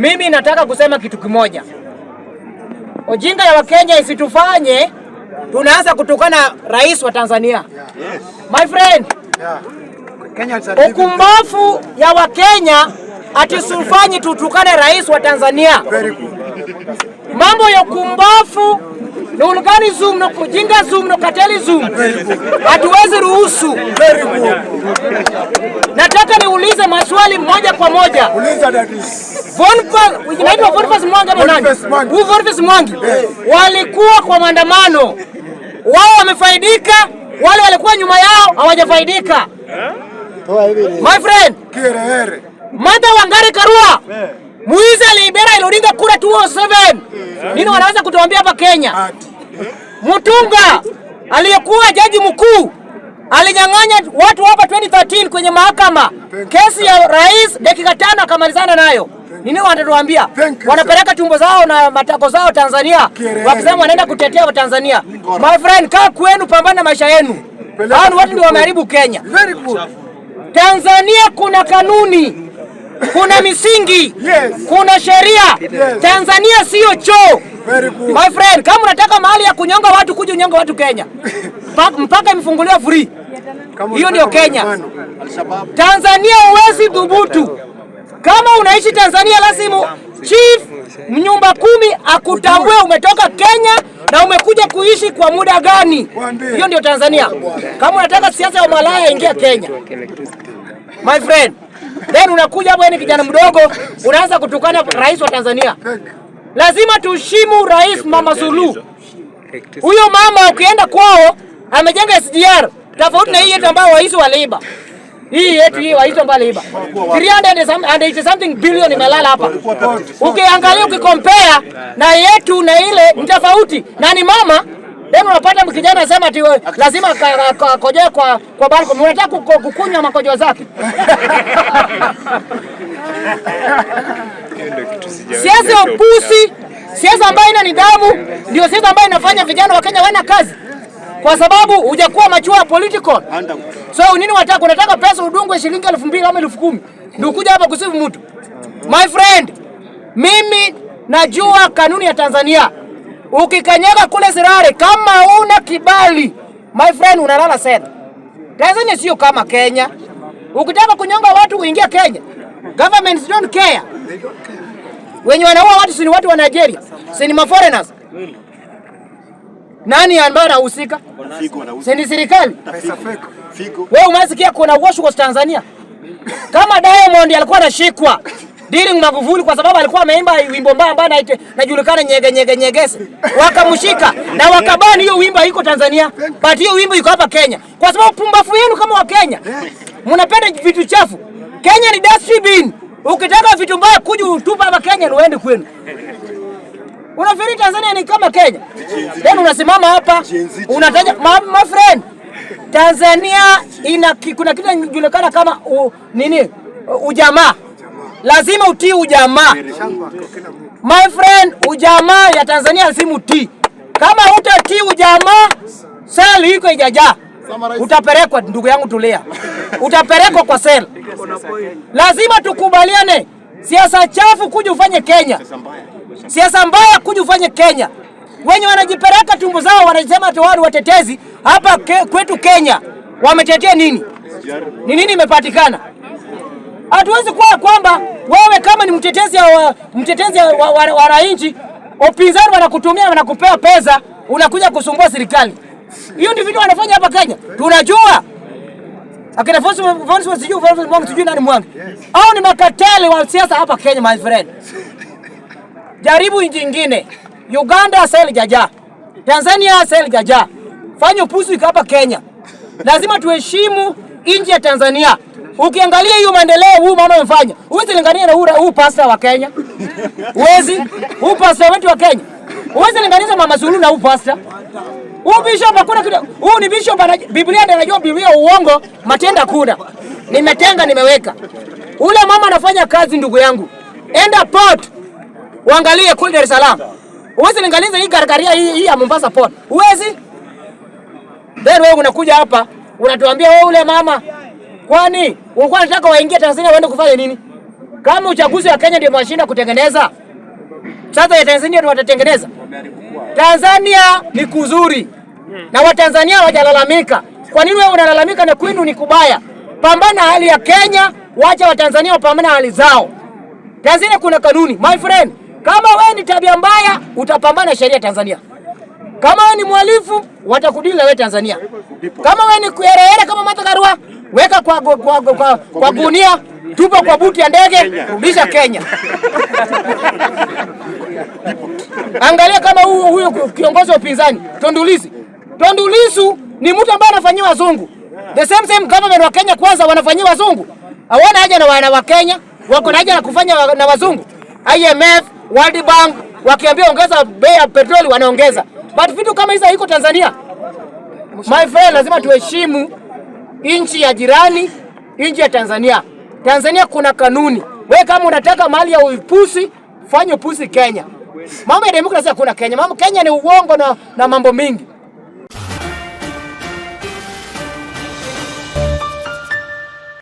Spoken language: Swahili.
Mimi nataka kusema kitu kimoja, ujinga ya Wakenya isitufanye tunaanza kutukana rais wa Tanzania. Yes. My friend, yeah. Ukumbafu ya Wakenya atisufanyi tutukane rais wa Tanzania. Very good. Mambo ya ukumbafu ni uluganizumu no kujingazumu no zoom hatuwezi ruhusu. Nataka niulize maswali moja kwa moja. Inaitwa Boniface Mwangi ama nani? Mwangi walikuwa kwa maandamano, wao wamefaidika, wale walikuwa nyuma yao hawajafaidika. My friend mata Wangari Karua muizi aliibera ilodinga kura 207 Nini wanaweza kutuambia hapa Kenya? Mutunga aliyekuwa jaji mkuu alinyang'anya watu hapa 2013 kwenye mahakama kesi ya rais, dakika tano akamalizana nayo. Nini wanatuambia? Wanapeleka tumbo zao na matako zao Tanzania, wakisema wanaenda kutetea tanzania My friend, kaa kwenu, pambana maisha yenu. Hao watu ndio wameharibu Kenya. Tanzania kuna kanuni kuna misingi yes. kuna sheria yes. Tanzania siyo choo my friend, kama unataka mahali ya kunyonga watu kuja unyonga watu Kenya mpaka imefunguliwa free. Hiyo ndio Kenya. Tanzania huwezi dhubutu kama unaishi Tanzania, lazima chief mnyumba kumi akutambue umetoka Kenya na umekuja kuishi kwa muda gani. Hiyo ndio Tanzania. Kama unataka siasa ya malaya, ingia Kenya my friend. Then unakuja hapo, yani kijana mdogo unaanza kutukana rais wa Tanzania. Lazima tuheshimu rais Mama Suluhu. Huyo mama ukienda kwao amejenga SGR tofauti na hii yetu ambayo waisi wa Leba. Hii yetu hii waisi ambayo Leba. 380 something billion imelala hapa. Ukiangalia ukikompea na yetu na ile ni tofauti. Na ni mama Leo yaani unapata mkijana sema ati lazima akojoe kwa kwa balcony. Unataka kukunywa makojo zake? Siasa ya upusi, siasa ambayo ina nidhamu, ndio siasa ambayo inafanya vijana wa Kenya wana kazi, kwa sababu hujakuwa machua political. So nini unataka? Unataka pesa udungwe shilingi elfu mbili ama elfu kumi ndio kuja hapa kusifu mtu? My friend, mimi najua kanuni ya Tanzania. Ukikanyaga kule sirare kama una kibali, my friend, unalala sena. Tanzania sio kama Kenya. Ukitaka kunyonga watu uingia Kenya. Governments don't care. Wenye wanaua watu si watu wa Nigeria, si ni foreigners. Nani ambaye anahusika? Si ni serikali. Wewe umesikia kuna washu kwa Tanzania? Kama Diamond alikuwa anashikwa Diri Magufuli kwa sababu alikuwa ameimba wimbo mbaya ambaye najulikana nyege nyege nyegese. Wakamshika na wakabani hiyo wimbo iko Tanzania, but hiyo wimbo iko hapa Kenya. Kwa sababu pumbafu yenu kama wa Kenya. Mnapenda vitu chafu. Kenya ni dustbin. Ukitaka vitu mbaya kuja utupa hapa Kenya ni uende kwenu. Unafikiri Tanzania ni kama Kenya? Then unasimama hapa unataja my, my friend. Tanzania ina kuna kitu kinajulikana kama u, nini? Ujamaa lazima utii ujamaa. My friend, ujamaa ya Tanzania lazima utii. Kama hutatii ujamaa, sel iko ijajaa, utapelekwa. Ndugu yangu tulia, utapelekwa kwa sel. Lazima tukubaliane. Siasa chafu kuja ufanye Kenya, siasa mbaya kuja ufanye Kenya. Wenye wanajipeleka tumbo zao wanasema ati wao watetezi. Hapa kwetu Kenya wametetea nini? Ni nini imepatikana? Hatuwezi kuwa kwamba wewe kama ni mtetezi wa mtetezi wa wananchi, upinzani wanakutumia wanakupea pesa, unakuja kusumbua serikali. Hiyo ndivyo vitu wanafanya hapa Kenya, tunajua akina sijui nani mwangi au ni makateli wa siasa hapa Kenya. My friend, jaribu nchi nyingine. Uganda seli jaja, Tanzania seli jaja, fanya upusu hapa Kenya. Lazima tuheshimu nchi ya Tanzania. Ukiangalia hiyo maendeleo huu mama amefanya, huwezi linganisha na huu pasta wa Kenya. Huwezi, huu pasta wetu wa Kenya. Huwezi linganisha mama Suluhu na huu pasta. Huu bishop hakuna kitu. Huu ni bishop ana Biblia ndio anajua Biblia uongo, matenda kuna. Nimetenga nimeweka. Ule mama anafanya kazi ndugu yangu. Enda port. Uangalie kule Dar es Salaam. Huwezi linganisha hii gargaria hii, hii ya Mombasa port. Huwezi. Then wewe unakuja hapa unatuambia wewe ule mama Kwani wako wanataka waingie Tanzania waende kufanya nini? Kama uchaguzi wa Kenya ndio mashina kutengeneza, sasa ya Tanzania ndio watatengeneza. Tanzania ni kuzuri na Watanzania wajalalamika. Kwa nini wewe unalalamika na kwenu ni kubaya? Pambana hali ya Kenya, wacha Watanzania wapambane hali zao. Tanzania kuna kanuni. My friend, kama wewe ni tabia mbaya utapambana sheria Tanzania. Kama wewe ni mwalifu, watakudili na wewe Tanzania. Kama wewe ni kuherehere kama Martha Karua tunaingia kwa, kwa, kwa, kwa, kwa gunia, tupo kwa buti ya ndege, rudisha Kenya. Angalia kama huyu huyu kiongozi wa upinzani Tundu Lissu. Tundu Lissu ni mtu ambaye anafanyia wazungu the same same government wa Kenya kwanza wanafanyia wazungu, hawana haja na wana wa Kenya, wako na haja na kufanya wa, na wazungu. IMF, World Bank wakiambia ongeza bei ya petroli wanaongeza, but vitu kama hizo haiko Tanzania. My friend, lazima tuheshimu nchi ya jirani, nchi ya Tanzania. Tanzania kuna kanuni. We kama unataka mali ya upusi, fanye upusi Kenya. Mambo ya demokrasia hakuna Kenya. Mambo Kenya ni uongo na, na mambo mingi.